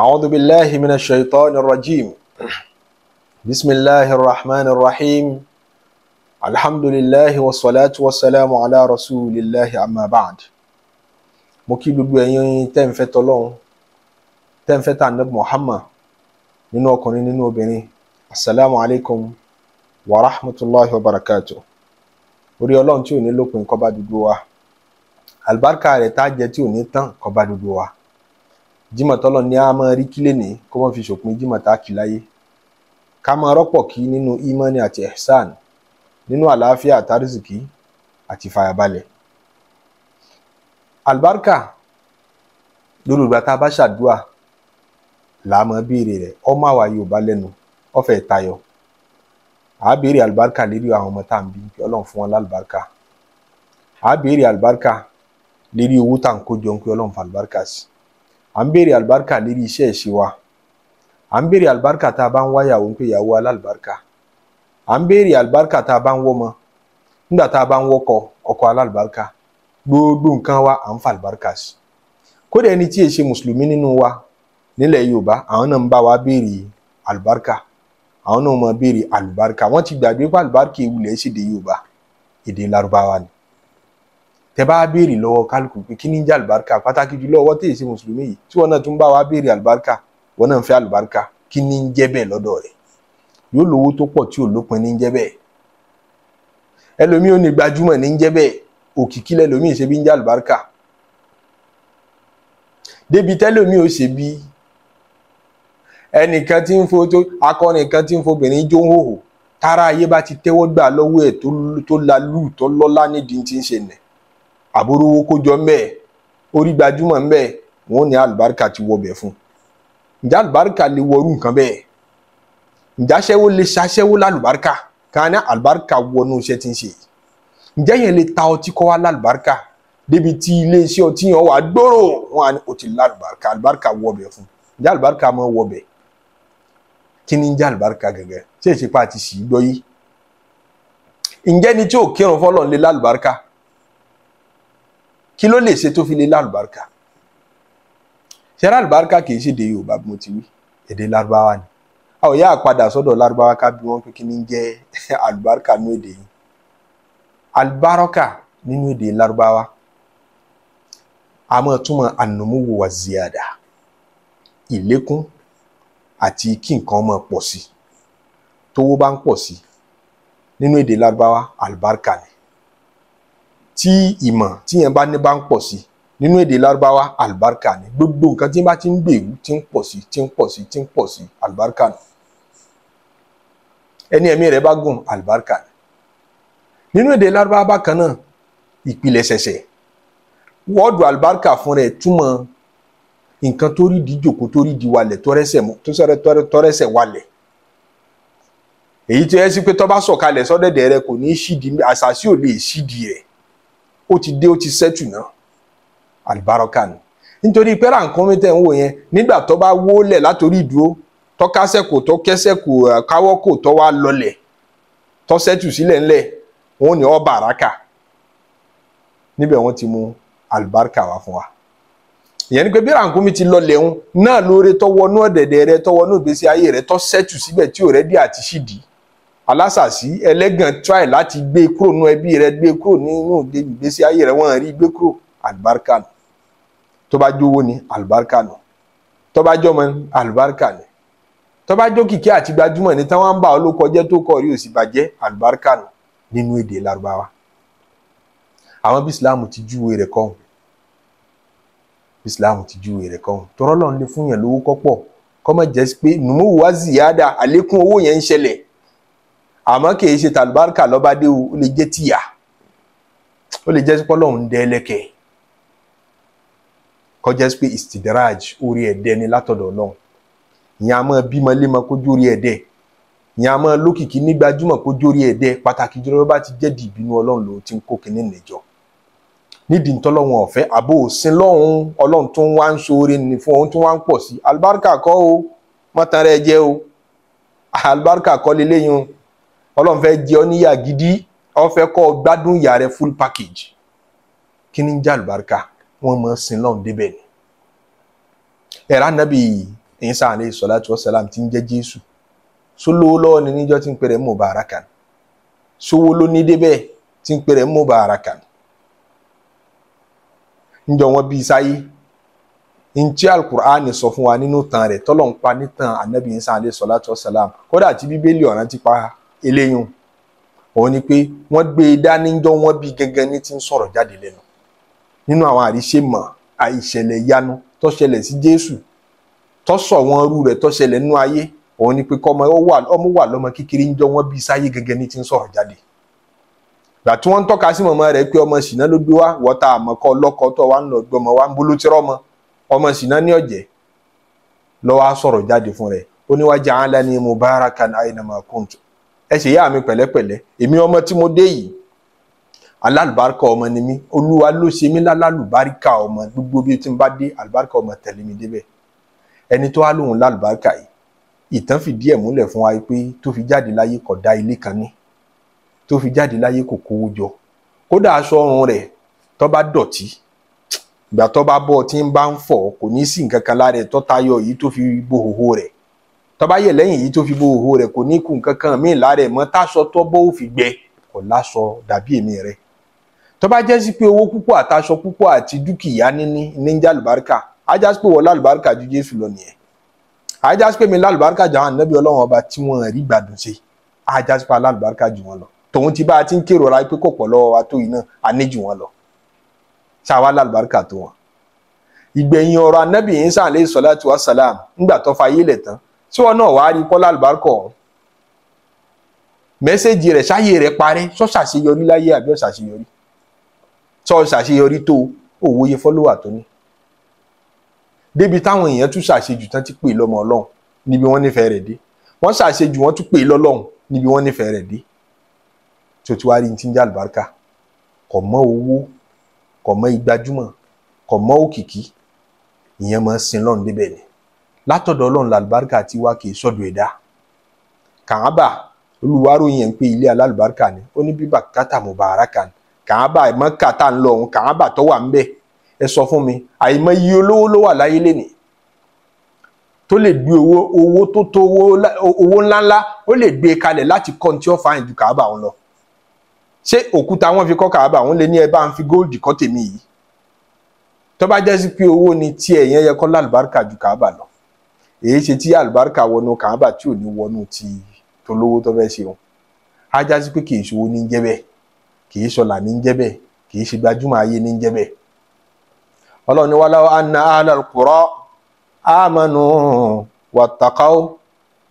أعوذ بالله من الشيطان الرجيم بسم الله الرحمن الرحيم الحمد لله والصلاة والسلام على رسول الله أما بعد mo kí gbogbo ẹ̀yin tẹ́ ń fẹ́ tọlọ́run tẹ́ ń fẹ́ tà nẹ́bù Muhammad nínú ọkùnrin nínú obìnrin asalaamu alaykum wa rahmatulahi wa barakatu orí ọlọ́run tí ò ní lópin kó bá dúdú wa àlùbáríkà rẹ̀ tá a jẹ tí ò ní tán kó bá dúdú wa. Jímọ̀ tọ́lọ̀ ní a máa rí kílè ní kó wọ́n fi ṣòpin Jímọ̀ tá a kì láyé ká máa rọ́pọ̀ kí nínú ìmọ̀ni àti ẹ̀sán nínú àlàáfíà àtàrísìkí àti ìfàyàbalẹ̀ àlùbáríkà lórúkọ tá a bá ṣàdúà là á máa béèrè rẹ̀ ọmọ àwa Yorùbá lẹ́nu ọ̀fẹ́ tayọ à béèrè àlùbáríkà lérí àwọn ọmọ tá à ń bí pé Ọlọ́run fún wọn lálùbáríkà à béèrè àlùbáríkà lérí owó tá à ń kó jọ ń pé Ọlọ́run fún àlùbáríkà sí i à ń béèrè àlùbáríkà lérí iṣẹ́ ìṣe wa à ń béèrè àlùbáríkà tá a bá ń wáyàwó ń pè ìyàwó alálùbáríkà à ń béèrè àlùbáríkà tá a bá ń wọ́mọ nígbà tá a bá ń wọ́kọ ọkọ alálùbáríkà gbogbo nǹkan wa à ń fa àlùbáríkà sí kódà ẹni tí èṣe mùsùlùmí nínú wa nílẹ̀ yorùbá àwọn náà ń bá wa béèrè àlùbáríkà àwọn náà mọ béèrè àlùbáríkà wọ́n ti gbàgbé pé àlùbáríkà ìwúlẹ̀ ṣèdè yorùbá èdè lárúbáwá ni tẹ bá béèrè lọ́wọ́ kálukú pé kí ni jẹ́ àlùbáríkà pàtàkì jùlọ ọwọ́ tẹ̀ ṣe mùsùlùmí yìí tí wọn náà tún bá wa béèrè àlùbáríkà wọn náà ń fẹ́ àlùbáríkà kí ni ń jẹ́ bẹ́ẹ̀ lọ́dọ̀ rẹ̀ yóò lówó tó pọ̀ tí ò lópin ní ń jẹ́ bẹ́ẹ̀ ẹlòmíì ò ní gbajúmọ̀ ní ń jẹ́ bẹ́ẹ̀ òkìkí lẹlòmíì ṣe bí ń jẹ́ àlùbáríkà débi tẹlòmíì ò ṣe bí ẹnìkan tí ń fo tó akọrin kan tí ń àbórówó kójọ ńbẹ orí gbajúmọ̀ ńbẹ wọn ò ní àlùbáríkà ti wọbẹ̀ fún ǹjẹ́ àlùbáríkà lè wọrú nǹkan bẹ́ẹ̀ ǹjẹ́ aṣẹ́wó lè ṣaṣẹ́wó lálùbáríkà kan ní àlùbáríkà wọnú iṣẹ́ tí ń ṣe ǹjẹ́ yẹn lè ta ọtí kọ́ wá lálùbáríkà débi tí iléeṣẹ́ ọtí yẹn wà gbòòrò wọn á ní o ti lálùbáríkà àlùbáríkà wọbẹ̀ fún ǹjẹ́ àlùbáríkà máa wọbẹ̀ kí ni ń jẹ́ àlùbáríkà gẹ́gẹ́ ṣé ìṣepá ti sì í gbọ́ yìí ǹjẹ́ ni tí ò kírun fọlọ́run lè lálùbáríkà kí ló lè ṣe tó fi lè lálùbáríkà ṣe lálùbáríkà kì í ṣe èdè yorùbá bí mo ti wí èdè lárúbáwá ni a ò yá àpadà sọ́dọ̀ lárúbáwá ká bí wọ́n pé kí ni jẹ́ àlùbáríkà nínú èdè yìí àlùbáríkà nínú èdè lárúbáwá a máa túmọ̀ ànàmúwò wà zíàdà ìlékún àti kí nǹkan máa pọ̀ sí tówó bá ń pọ̀ sí nínú èdè lárúbáwá àlùbáríkà ni tí ìmọ̀ tí yẹn bá ní bá ń pọ̀ sí nínú èdè lárúbáwá àlùbáríkà ni gbogbo nǹkan tí yẹn bá ti ń gbèrú ti ń pọ̀ sí ti ń pọ̀ sí ti ń pọ̀ sí àlùbáríkà ni ẹni ẹ̀mí rẹ̀ bá gùn àlùbáríkà ni nínú èdè lárúbáwá bákan náà ìpìlẹ̀ ṣẹ̀ṣẹ̀ wọ́ọ̀dù àlùbáríkà fún rẹ̀ túmọ̀ nǹkan tó rí di jòkó tó rí di walẹ̀ tọ́rẹ́sẹ̀ walẹ̀ èyí tó yẹ sí pé tó bá sọ̀kalẹ̀ sọ́dẹ̀dẹ̀ rẹ kò ní í ṣídìí àṣàṣì ò lè ṣídìí rẹ̀ ó ti dé ó ti sẹ́tù náà àlùbárọ́kà ni nítorí pé rànkánmi tẹ̀ ń wò yẹn nígbà tó bá wólẹ̀ látòrí ìdúró tó kásẹ̀ kò tó kẹsẹ̀ kò káwọ́ kò tó wá lọlẹ̀ tó sẹ́tù sílẹ̀ ńlẹ̀ wọn ni ọba àràkà níbẹ̀ wọ́n ti mú àlùbárọ́kà wá fún wa ìyẹn ni pé bí rànkúnmí ti lọ lẹ́hún náà lóore tọwọ́nú ọ̀dẹ̀dẹ̀ rẹ tọwọ́nú ìgbésí ayé rẹ tó sẹ́tù síbẹ̀ tí ò rẹ́ dí àti ṣídìí alásàsí ẹlẹ́gàn try láti gbé kúrò nínú ẹbí rẹ gbé kúrò nínú ìgbésí ayé rẹ wọ́n rí gbé kúrò àlùbáríkà nù tó bá jówó ni àlùbáríkà nù tó bá jọmọ ni àlùbáríkà nù tó bá jókìkí àti gbajúmọ̀ ní táwọn ń bá ọ ló kọjẹ́ tó kọ̀ rí òsì bàjẹ́ àlùbáríkà nù nínú èdè Lárúbáwá àwọn bí Islam ti júwe rẹ̀ kọ́hún bí Islam ti júwe rẹ̀ kọ́hún tọ́rọ́ lọ́n lè fún yẹn lówó kọ́pọ̀ kọ́mọ̀ jẹ́ pé nùmọ̀ wá ziyada àlékún owó yẹn ń ṣẹlẹ̀ àmọ́ kì í ṣe tàlùbáríkà lọ́ba dé o ó lè jẹ́ tìyà ó lè jẹ́ pé Ọlọ́run dẹ́ lẹ́kẹ̀ kọjá pé istidraj orí ẹ̀dẹ́ ni látọ̀dọ̀ náà ìyẹn a máa bímọ lémọ kójú orí ẹ̀dẹ́ ìyẹn a máa lókìkí nígbàjúmọ̀ kójú orí ẹ̀dẹ́ pàtàkì jùlọ bá ti jẹ́ di ìbínú Ọlọ́run ló ti ń kó kínní nìjọ nídìí ntọ́lọ́hún ọ̀fẹ́ àbò òsín lọ́hún ọlọ́run tó ń wá ń ṣoore ní fún ohun tó wá ń pọ̀ sí alibarika kọ́ o mọ́tàn rẹ̀ jẹ́ o alibarika kọ́ lélẹ́yìn o ọlọ́run fẹ́ jẹ ọ́ gidi ọ fẹ́ kọ́ ọ gbádùn rẹ full package kí ni ń jẹ́ wọ́n mọ̀ sin lọ́run débẹ̀ ni. ẹ̀rá nàbì Ìsá ti ń jẹ́ Jésù sólówó lọ́wọ́ ni níjọ́ ti ń pèrè sówó ló ní débẹ̀ ń pèrè njọ wọn bí sáyé ntí alukur'ani sọ fún wa nínú tán tọlọ ń pa anabi Isa kódà bíbélì eléyìí òun ni pé wọ́n gbé e dání jọ wọ́n bí gangan ní ti ń sọ̀rọ̀ jáde lẹ́nu nínú àwọn àríṣe mọ̀ àìṣẹ̀lẹ̀ yanu tó ṣẹlẹ̀ sí Jésù tó sọ wọn rú rẹ̀ tó ṣẹlẹ̀ nínú ayé òun ni pé kọ́mọ ọmọ wà lọ́mọ kékeré ń jọ wọ́n bí sáyé gangan ní ti ń sọ̀rọ̀ jáde gbà tí wọ́n ń tọ́ka sí mọ̀mọ́ rẹ̀ pé ọmọ ṣìnà ló gbé wá wọ́ta àmọ́kọ́ ọlọ́kọ tó wà ń lọ gbọmọ wá ń bolo tí rọ́mọ ọmọ ṣìnà ní ọ̀jẹ̀ lọ́wọ́ á sọ̀rọ̀ jáde fún rẹ̀ ó ní wá ja'alani mubarakan aynama kuntu ẹ ṣe yá mi pẹ̀lẹ́pẹ̀lẹ́ èmi ọmọ tí mo dé yìí alálùbáríkà ọmọ ni mí olúwa ló ṣe mí lálùbáríkà ọmọ gbogbo bí tí n bá dé alùbáríkà ọmọ tẹ̀lé mi débẹ̀ ẹni tó wá lóhùn lálùbáríkà yìí ìtàn fìdí ẹ̀ múlẹ̀ fún wa pé tó fi jáde láyé kò dá ilé kan ní tó fi jáde láyé kò kówó jọ kódà aṣọ ọrùn rẹ̀ tó bá dọ̀tí ìgbà tó bá bọ́ tí ń bá ń fọ̀ kò ní sí nǹkan kan lára ẹ̀ tó tayọ yìí tó fi bo hòhò rẹ̀ tọ́ba yẹ̀ lẹ́yìn yìí tó fi bo òhò rẹ̀ kò ní kù nǹkan kan míì lára ẹ̀ mọ́ táṣọ tọ́bọ̀ ò fi gbẹ kò láṣọ dàbí èmi rẹ̀ tọ́ba jẹ́ sí pé owó púpọ̀ àtaṣọ púpọ̀ àti dúkìá níní níjà lùbáríkà ajá sí pé wọ́n lálùbáríkà ju Jésù lọ nìyẹn ajá sí pé mi lálùbáríkà ju àwọn ànábì Ọlọ́run ọba tí wọ́n rí gbádùn ṣe ajá sí pé alálùbáríkà ju wọn lọ tòun ti bá a ti ń kérò ra pé kò lọ́wọ́ wa tó yìí náà a ní ju wọn lọ ṣáwa lálùbáríkà tó wọn ìgbẹ̀yìn ọ̀rọ̀ ànábì Ìsá alayhi salatu wassalam ńgbà tó fa ayé lẹ̀ tán tí wọn náà wàá rí kọ́lá àlùbáríkọ̀ mẹ́sẹ̀gì rẹ̀ sáyé rẹ̀ parẹ́ sọ ṣàṣeyọrí láyé àbí ọ̀ṣàṣeyọrí sọ ṣàṣeyọrí tó òwòye fọ́lọ́wà tó ní débi táwọn èèyàn tún ṣàṣejù tán ti pè lọ́mọ ọlọ́run níbi wọ́n nífẹ̀ẹ́ rẹ̀ dé wọ́n ṣàṣejù wọ́n tún pè lọ́lọ́run níbi wọ́n nífẹ̀ẹ́ rẹ̀ dé tí o ti wá rí ní ti ń jẹ́ àlùbáríkà kò mọ owó kò mọ ìgbajúmọ̀ kò mọ òkìkí ìyẹn máa ń sin lọ́run débẹ̀ ni látọ̀dọ̀ ọlọ́run làlùbáríkà ti wá kì í sọ̀dọ̀ ẹ̀dá kàábà olùwáròyìn ẹ̀ ń pé ilé alálùbáríkà ni ó ní bíbà kátà mùbáràkà ni kàábà mọ́kà tá ń lọ òun kàábà tó wà ń bẹ̀ ẹ sọ fún mi àìmọ iye olówó ló wà láyé lénìí tó lè gbé owó owó tó tó owó ńláńlá ó lè gbé e kalẹ̀ láti kọ́ ní tí ó fàáyìn ju kàábà òun lọ ṣé òkúta wọn fi kọ́ kàábà òun lè ní ẹ bá ń fi góòdì kọ́ tèmi yìí tó bá jẹ́ sí pé owó ni tí ẹ̀yẹn yẹ kọ́ lálùbáríkà ju kàábà lọ èyí ṣe tí àlùbáríkà wọnú kàábà tí ò ní wọnú ti tolówó tó fẹ́ ṣe o ajá sí pé kì í ṣòwò ní jẹ́ bẹ́ẹ̀ kì í ṣọlà ní jẹ́ bẹ́ẹ̀ kì í ṣe gbajúmọ̀ ayé ní jẹ́ bẹ́ẹ̀ ọlọ́run ní wàláwọ́ anna ahlal qura amanu wattaqaw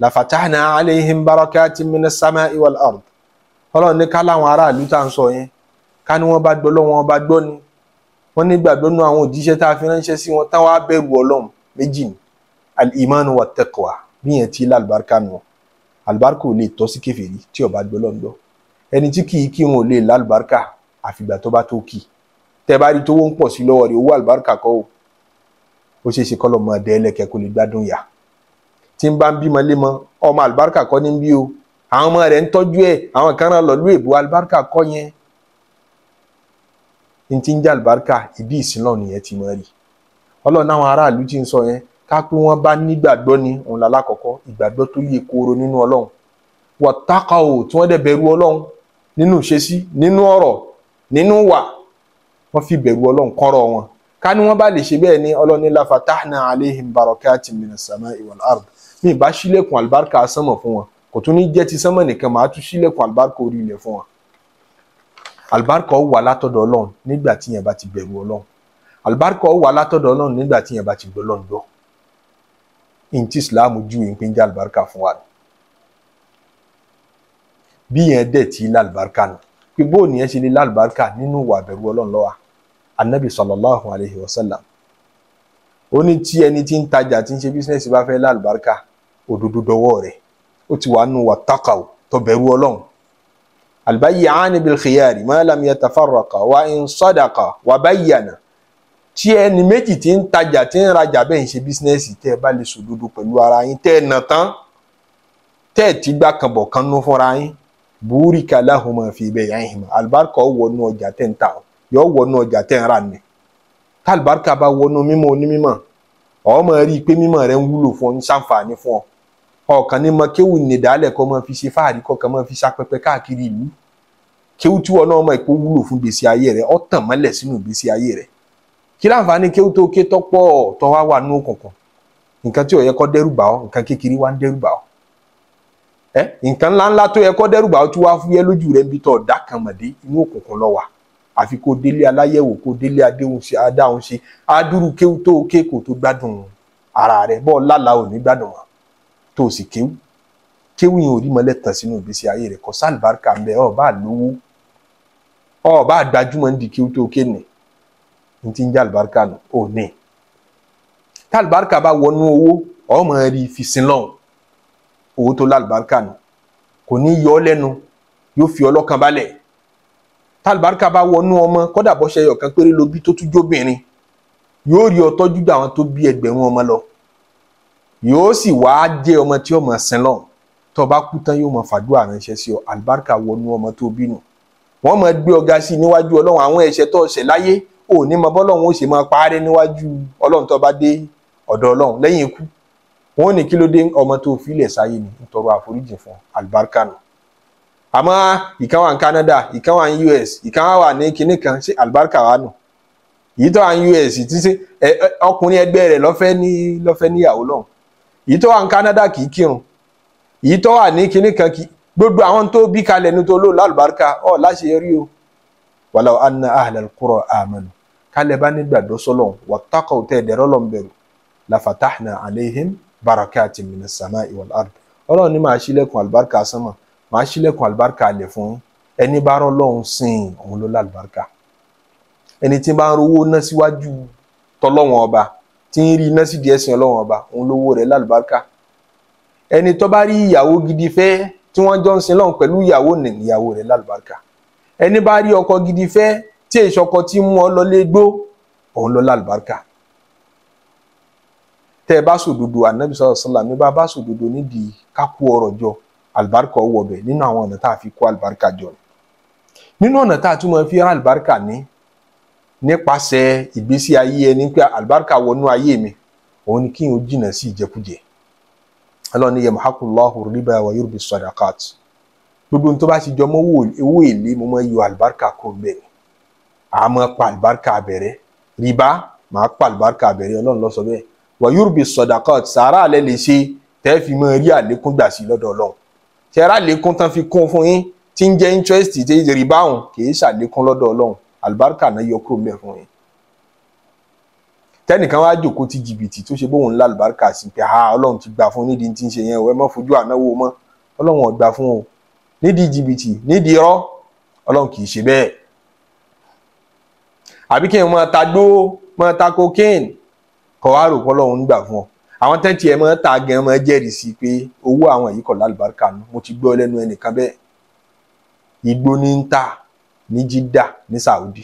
lafatahna alayhim barakatin minas samai wal ard ọlọ́run ní ká láwọn aráàlú tá ń sọ yẹn ká ní wọ́n bá gbọ́ lọ́wọ́ wọn bá gbọ́ ni wọ́n nígbàgbọ́ nú àwọn òjíṣẹ́ tá a fi ránṣẹ́ sí wọn táwọn á bẹ̀rù ọlọ́run méjì ni al-imanu wa taqwa bí yẹn ti lálùbáríkà nù àlùbáríkà ò lè tọ́ sí kèfèrí tí ó bá gbọ́ lọ́n gbọ́ ẹni tí kì í kírun ò lè lálùbáríkà àfìgbà tó bá tó kì í tẹ bá rí tówó ń pọ̀ sí lọ́wọ́ rẹ̀ owó àlùbáríkà kọ́ o ó ṣeé ṣe kọ́lọ́ mọ́ ẹ̀dẹ́lẹ́kẹ́ kó lè gbádùn yà tí ń bá ń bímọ lémọ ọmọ àlùbáríkà kọ́ ní bí o àwọn ọmọ rẹ̀ ń tọ́jú ẹ̀ àwọn kan náà lọ́lú èbó àlùbáríkà kọ́ yẹn kápẹ́ wọn bá nígbàgbọ́ ni òun là lákọ̀ọ́kọ́ ìgbàgbọ́ tó yẹ kóró nínú ọlọ́run wọ̀tákà ò tí wọ́n dẹ̀ bẹ̀rù ọlọ́run nínú ìṣesí nínú ọ̀rọ̀ nínú wà wọ́n fi bẹ̀rù ọlọ́run kọ́rọ̀ wọn ká ní wọ́n bá lè ṣe bẹ́ẹ̀ ni ọlọ́run ní la fatahna alayhim barakatin minas samai wal mi ì bá ṣílẹ̀kùn àlùbáríkà sánmọ̀ fún wọn kò tún ní jẹ́ ti sánmọ̀ nìkan màá tún ṣílẹ̀kùn àlùbáríkà orí ilẹ̀ fún wọn àlùbáríkà wà látọ̀dọ̀ ọlọ́run nígbà tí yẹn bá ti bẹ̀rù ọlọ́run àlùbáríkà wà látọ̀dọ̀ ọlọ́run nígbà tí yẹn bá ti gbọ́ ọlọ́run gbọ́ n tí islam ju ìpín jẹ́ àlùbáríkà fún wa bí yẹn dẹ̀ tí lálùbáríkà nù pé bó nìyẹn ṣe lè lálùbáríkà nínú ìwà bẹ̀rù ọlọ́run lọ́wọ́ anabi sallallahu alayhi wa sallam ó ní tí ẹni tí ń tajà tí ń ṣe bísínẹ́sì bá fẹ́ lálùbáríkà òdodo dọwọ́ rẹ̀ ó ti wà nù wà tákàwọ́ tó bẹ̀rù ọlọ́run albayyani bil khiyari ma lam yatafarraqa wa in sadaqa wa bayyana tí ẹni méjì tí ń tajà tí ń rajà bẹ́ẹ̀ ń ṣe bísínẹ́sì tẹ́ ẹ bá lè sòdodo pẹ̀lú ara yín tẹ́ ẹ nà tán tẹ́ ẹ ti gbà kànbọ̀ kan nú fúnra yín búrì kàlá hùmọ̀ fi bẹ́ẹ̀ yá ìhìnmọ̀ àlùbáríkà ó wọnú ọjà tẹ́ ń ta ọ yọ wọnú ọjà tẹ́ ń rà ní tàlùbáríkà bá wọnú mímọ́ onímímọ́ ọ máa rí i pé mímọ́ rẹ ń wúlò fún ọ ń ṣàǹfààní fún ọ ọkàn ní mọ kéwù nìdálẹ̀ kọ́ máa fi ṣe fáàrí kọ́ kan máa fi ṣapẹpẹ káàkiri ìlú kéwù tí wọn náà mọ̀ pé ó wúlò fún gbèsè ayé rẹ ọ tàn mọ́lẹ̀ sínú gbèsè ayé rẹ kí láǹfààní kéwú tó ké tọ́pọ̀ tó wá wà nínú òkùnkùn nǹkan tí ò yẹ kó dẹ́rù bà ọ́ nǹkan kékeré wá ń dẹ́rù bà ọ́ ẹ nǹkan ńláńlá tó yẹ kó dẹ́rù bà ọ́ tí wàá fúyẹ́ lójú rẹ̀ níbi tó ọ̀dà kan mọ̀dé inú òkùnkùn lọ wà àfi kó délé aláyẹ̀wò kó délé adéhùn ṣe adáhùn ṣe adúrú kéwú tó ké kò tó gbádùn ara rẹ̀ bọ́ọ̀ lálàá ò ní gbádùn wọn tó sì kéwú kéwú yẹn ò rí mọ́lẹ̀ tàn sínú ìgbésí ayé rẹ̀ kò sálùbáríkà ń bẹ ọ̀ bá lówó ọ̀ bá gbajúmọ̀ ń di kéwú tó ké nìyẹn ní ti ń jẹ́ àlùbáríkà nù ò ní tá àlùbáríkà bá wọnú owó ọmọ rí fi sin lọ́hùn owó tó lálùbáríkà nù kò ní yọ ọ́ lẹ́nu yóò fi ọlọ́kan balẹ̀ tá àlùbáríkà bá wọnú ọmọ kódà bọ́ṣẹ́ ọ̀kan péré ló bí tó tún jóbìnrin yóò rí ọtọ́jú gbà wọn tó bí ẹgbẹ̀rún ọmọ lọ yóò sì wáá jẹ́ ọmọ tí ọmọ sin lọ́hùn tó bá kú tán yóò mọ fàdúrà ránṣẹ́ sí ọ àlùbáríkà wọnú ọmọ tó bínú wọ́n mọ gbé ọ̀gá sí níwájú Ọlọ́run àwọn ẹ̀ṣẹ̀ tó ṣẹ̀ láyé ò ní mọ bọ́lọ́run ó ṣe máa parẹ́ níwájú ọlọ́run tó bá dé ọ̀dọ̀ ọlọ́run lẹ́yìn ikú wọn ò ní kí ló dé ọmọ tó filẹ̀ sáyé ni nítorí àforíjì fún alibarika nù àmọ́ ìkan wà ní Canada ìkan wà ní US ìkan wà ní kinní kan ṣé alibarika wà nù yìí tó wà ní US ti ṣe ọkùnrin ẹgbẹ́ rẹ̀ lọ́fẹ́ ní lọ́fẹ́ níyàwó lọ́hùn yìí tó wà ní Canada kì í kírun yìí tó wà ní kinní kan kì í gbogbo àwọn tó bí kalẹ̀ nítorí olóòlù alibarika ọ̀ láṣeyọrí o wàlá anna ahlal qura amanu kálẹ̀ bá nígbàgbọ́ sọ́lọ̀ wà tákọ̀ tẹ̀ dẹ̀rọ̀ lọ́n bẹ̀rù lafatahna aleihim barakati mina sama iwal ard ọlọ́run ní màá ṣílẹ̀kùn àlùbáríkà sánmà màá ṣílẹ̀kùn àlùbáríkà alẹ̀ fún ẹni bá rọ́ lọ́hùn sìn òun ló lálùbáríkà ẹni tí bá ń rówó ná síwájú tọ́lọ́wọ́n ọba tí ń rí iná sídìí ẹ̀sìn ọlọ́wọ́n ọba òun lówó rẹ̀ lálùbáríkà ẹni tó bá rí ìyàwó gidi fẹ́ tí wọ́n jọ ń sin lọ́hùn pẹ̀lú ìyàwó ìyàwó rẹ̀ lálùbáríkà ẹni bá rí ọkọ gidi fẹ́ tí ìṣọkọ tí mú ọ lọlé gbó òun lọ lálùbáríkà tẹ ẹ bá sòdodo anabi sọlá sọlá mi bá bá sòdodo nídìí kákú ọ̀rọ̀ jọ àlùbáríkà ọwọ bẹ nínú àwọn ọ̀nà tá a fi kó àlùbáríkà jọ nínú ọ̀nà tá a tún máa fi rán àlùbáríkà ní nípasẹ̀ ìgbésí ayé ẹni pé àlùbáríkà wọnú ayé mi òun ni kí n jìnnà sí ìjẹkújẹ ọlọ́run yẹ mahakullahu riba wa yurbi sadaqat gbogbo n tó ti jọ mọ́ owó èlé mo máa yọ àlùbáríkà kó bẹ́ẹ̀ ni àmọ́ pàlùbáríkà bẹ̀rẹ̀ rìbá màá pàlùbáríkà bẹ̀rẹ̀ ọlọ́run ló sọ bẹ́ẹ̀ wà yúrùbí sọ̀dàkọ́ sàárà alẹ́ lè ṣe tẹ́ fi mọ rí àlékún gbà sí lọ́dọ̀ ọlọ́run tẹ́rà àlékún tán fi kún fún yín tí ń jẹ́ interest tí rìbá òun kì í ṣàlékún lọ́dọ̀ ọlọ́run àlùbáríkà náà yọ kúrò mẹ́ fún yín tẹnìkan wá jòkó ti jìbìtì tó ṣe bóun ńlá àlùbáríkà sí pé ha ọlọ́run ti gbà fún nídìí tí ń ṣe yẹn o ẹ má fojú ànáwó mọ́ ọlọ́run ò fún o nídìí jìbìtì nídìí irọ́ ọlọ́run kì í ṣe bẹ́ẹ̀ àbí kí n máa ta gbó máa ta cocaine kọ wá rò pọlọ́run nígbà fún ọ àwọn tẹ́ǹtì ẹ̀ máa ta gan máa jẹ́rìí sí pé owó àwọn yìí kọ̀ lálùbáríkà nù mo ti gbọ́ lẹ́nu ẹnìkan bẹ́ẹ̀ igbó ní ń tà ní Jídà ní Saudi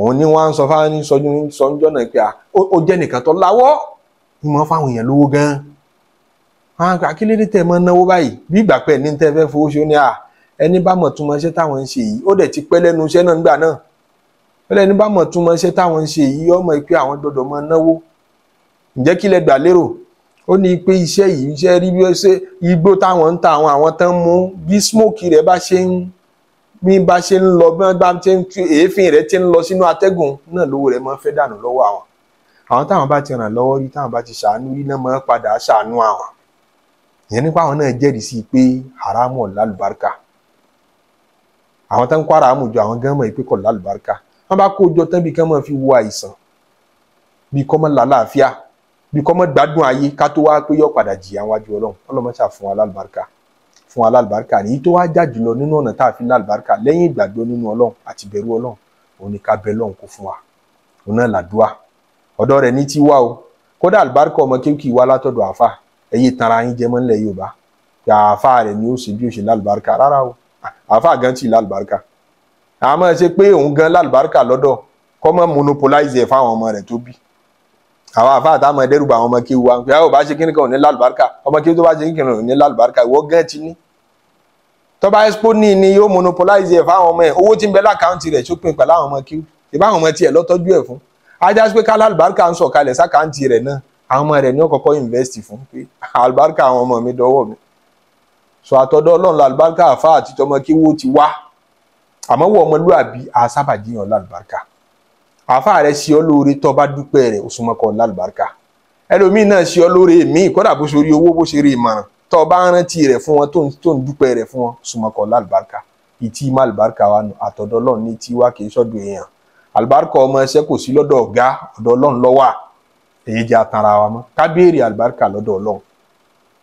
òun ni wọ́n sọ fáwọn ní sọjú sọjọ́ náà pé ó jẹ́ nìkan tó láwọ́ ni wọ́n fáwọn èèyàn lówó gan-an àwọn akílédé tẹ̀ máa náwó báyìí bí ìgbà pẹ́ ní tẹ́ fẹ́ fowó ṣe ó ní à ẹni bá mọ̀ túmọ̀ iṣẹ́ táwọn ń ṣe yìí ó dẹ̀ ti pẹ́ lẹ́nu iṣẹ́ náà nígbà náà wọ́n lẹ́ni bá mọ̀ tún mọ iṣẹ́ táwọn ń ṣe yìí ọmọ pé àwọn gbọ́dọ̀ mọ náwó ǹjẹ́ kí lẹ gbà lérò ó ní pé iṣẹ́ yìí iṣẹ́ rí bí ó ṣe igbó táwọn ń ta àwọn àwọn tán mú bí smoke rẹ̀ bá ṣe ń bí bá ṣe ń lọ bí wọ́n bá ṣe ń tú èéfín rẹ̀ ti ń lọ sínú atẹ́gùn náà lówó rẹ̀ máa ń fẹ́ dànù lọ́wọ́ àwọn àwọn táwọn bá ti ràn lọ́wọ́ rí táwọn bá ti ṣàánú rí náà máa padà ṣàánú àwọn ìyẹn nípa àwọn náà jẹ́rìí sí pé haramu ọ̀làlùbáríkà àwọn tán kó haramu ju àwọn gánmọ̀ ìpínkọ̀ làlùbáríkà wọ́n bá kó jọ tán bí kán máa fi wo àìsàn bí kọ́ mọ́ làlàáfíà bí kọ́ mọ́ gbádùn ayé ká tó wá pé yọ padà jìyà wájú ọlọ́run ọlọ́mọ ṣáà fún wa lálùbáríkà fún wa lálùbáríkà èyí tó wá já jùlọ nínú ọ̀nà tá a fi lálùbáríkà lẹ́yìn ìgbàgbọ́ nínú ọlọ́run àti bẹ̀rù ọlọ́run òun ni ká bẹ lọ́run kó fún wa òun náà làdúà ọ̀dọ́ rẹ̀ ní ti wá o kódà àlùbáríkà ọmọ kéwìkì wá látọ̀dọ̀ àáfà ẹ̀yẹ tara yín jẹ́ mọ́lẹ̀ Yorùbá àáfà rẹ̀ ni ó ṣe bí ó ṣe lálùbáríkà rárá o àáfà gan ti lálùbáríkà àmọ́ ṣe pé òun gan lálùbáríkà lọ́dọ̀ kọ́mọ́ monopolize ẹ̀ fáwọn ọmọ rẹ̀ tó bí àwọn àfáà táwọn ẹ̀dẹ́rù bá àwọn ọmọ kéwu wa pé àwọn bá ṣe kíni kan ò ní lálùbáríkà ọmọ kéwu tó bá ṣe kíni kan ò ní lálùbáríkà ìwọ gan ti ní tọ́ba expo ní ni yóò monopolize ẹ̀ fáwọn ọmọ ẹ̀ owó tí ń bẹ lákàntì rẹ̀ sópin pẹ̀lú àwọn ọmọ kéwu ìbáwọn ọmọ tiẹ̀ lọ́tọ́jú ẹ̀ fún ajá pé ká lálùbáríkà ń sọ̀kalẹ̀ sákàntì rẹ̀ náà àwọn ọmọ rẹ̀ ní ọ̀kọ̀ọ̀kọ̀ invest fún pé àlùbáríkà àwọn ọmọ mi dọwọ́ mi sọ àtọ́dọ́ ọlọ́run làlùbáríkà àfáà àti tọmọ kéwu ti wá àmọ́ wọ ọmọlúàbí àṣàbàjìyàn lálùbáríkà àáfàá rẹ ṣe ọ lóore tó bá dúpẹ́ rẹ òṣùmọ̀kọ lálùbáríkà ẹlòmíì náà ṣe ọ lóore míì kódà bó ṣe rí owó bó ṣe rí ìmọ̀ràn tó bá rántí rẹ fún wọn tó ń dúpẹ́ rẹ fún wọn òṣùmọ̀kọ lálùbáríkà ìtì má àlùbáríkà wa nù àtọ̀dọ̀ Ọlọ́run ní tiwa kì í sọ́dọ̀ èèyàn àlùbáríkà ọmọ ẹṣẹ́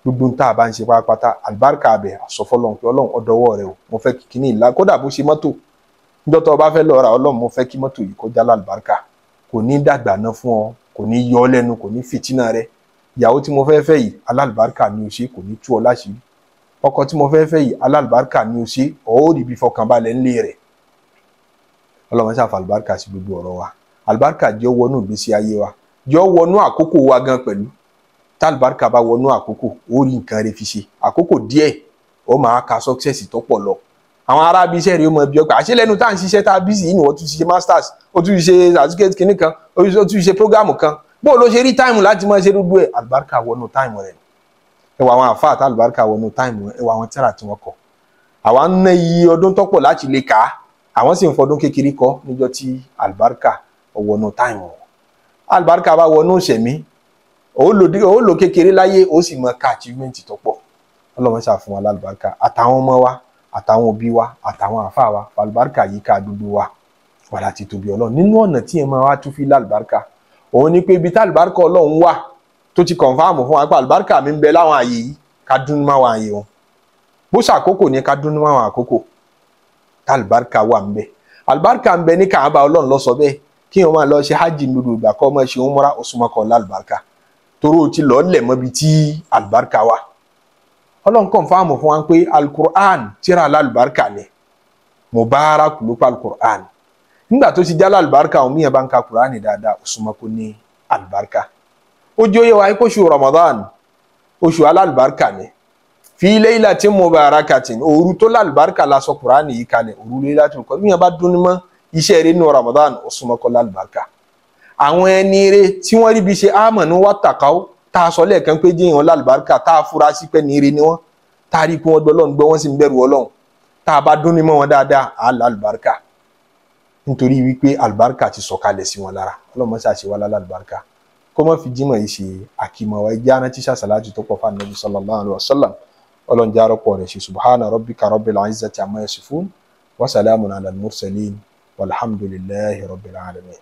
gbogbo tá a bá ń ṣe pátápátá àlùbáríkà abẹ àsọfọlọhún pé Ọlọ́run ọdọwọ rẹ o mo fẹ́ kí kíní ìlà kódà bó ṣe mọ́tò níjọ́ tó o bá fẹ́ lọ ra Ọlọ́run mo fẹ́ kí mọ́tò yìí kọjá lálùbáríkà kò ní dàgbà ná fún ọ kò ní yọ ọ lẹ́nu kò ní fìtínà rẹ ìyàwó tí mo fẹ́ fẹ́ yìí alálùbáríkà ni o ṣe kò ní tú ọ láṣìírí ọkọ tí mo fẹ́ fẹ́ yìí alálùbáríkà ni o ṣe ọ ó rí bí fọkànbalẹ̀ ńlé rẹ Ọlọ́run ṣàfà àlùbáríkà sí gbogbo ọ̀rọ̀ wa àlùbáríkà jẹ́ tálùbáríkà bá wọnú àkókò ó rí nǹkan rẹ fi ṣe àkókò díẹ̀ ó máa ka success tó pọ̀ lọ àwọn arábí iṣẹ́ rẹ̀ ó mọ bí ọgbà àṣẹ lẹ́nu tá à ń ṣiṣẹ́ tá a bí sí yìí tún ṣe masters ó tún ṣe certificate kìíní kan ó tún ṣe program kan bó o ló ṣe rí táìmù láti máa ṣe gbogbo ẹ̀ àlùbáríkà wọnú time rẹ̀ ẹ wà àwọn àfáà tá àlùbáríkà wọnú táìmù ẹ wà àwọn tíra tí wọ́n kọ àwa ń ná iye ọdún tọ́pọ̀ láti lè kà á àwọn sì ń fọdún kékeré kọ níjọ́ tí àlùbáríkà wọnú táìmù àlùbáríkà bá wọnú ìṣẹ̀mí ó lò kékeré láyé ó sì mọ ká achievement tó pọ̀ ọlọ́run ṣàfún wa lálùbáríkà àtàwọn ọmọ wa àtàwọn òbí wa àtàwọn àfa wa lálùbáríkà yìí ká gbogbo wa wàlá ti tóbi ọlọ́run nínú ọ̀nà tí ẹ máa wá tún fi lálùbáríkà òun ni pé ibi tá àlùbáríkà ọlọ́run wà tó ti kọ̀nfàmù fún wa pé àlùbáríkà mi ń bẹ láwọn àyè yìí ká dún mọ́ àwọn àyè wọn bó ṣàkókò ni ká dún mọ́ àwọn àkókò tá àlùbáríkà wà ń bẹ àlùbáríkà ń bẹ ní kàába ọlọ́run ló sọ bẹ́ẹ̀ kí wọ́n máa lọ ṣe hajj gbogbo kọ́ ọmọ ṣe ń múra oṣù mọ́kànlá àlùbáríkà toró ti lọ lẹ̀ mọ́bi tí àlùbáríkà wà ọlọ́run kọ̀ǹfàmù fún wa pé alukur'an tíra alálùbáríkà ni mubarak ló pa alukur'an nígbà tó ti jala alubarika àwọn míyàn bá ń ka kurani dáadáa òsùnmọ́kò ní alubarika ó jẹ́ òye wa ayé kóṣù ramadan oṣù alálùbáríkà ni fi laylatin mubarakatin òru tó lálùbáríkà la sọ kurani yìí kalẹ̀ òru laylatin kọ́ míyàn bá dún ní iṣẹ́ rẹ̀ nínú ramadan òsùnmọ́kò lálùbáríkà àwọn ẹni eré tí wọ́n rí bí ṣe àmọ̀nú wà tàkàó tá a sọ lẹ́ẹ̀kan pé jẹ́ ìhàn lálùbáríkà tá a fura sí pé ní eré ni wọ́n tá a rí pé wọ́n gbọ́ lọ́n gbọ́ wọ́n sì ń bẹ̀rù ọlọ́run tá a bá dún ní mọ́ wọn dáadáa á lálùbáríkà nítorí wípé àlùbáríkà ti sọ̀kalẹ̀ sí wọn lára ọlọ́mọ ṣàṣewá lálùbáríkà kó má fi jímọ̀ yìí ṣe àkìmọ̀ wa ẹjẹ́ aná tíṣà sàlájú tó pọ̀ fáwọn nàbí sallallahu alaihi wasallam ọlọ́njẹ́ arọ́pọ̀ rẹ̀ ṣe subhana rabbika rabbil izzati amma yasifun wa salamun ala al-mursalin walhamdulillahi rabbil alamin.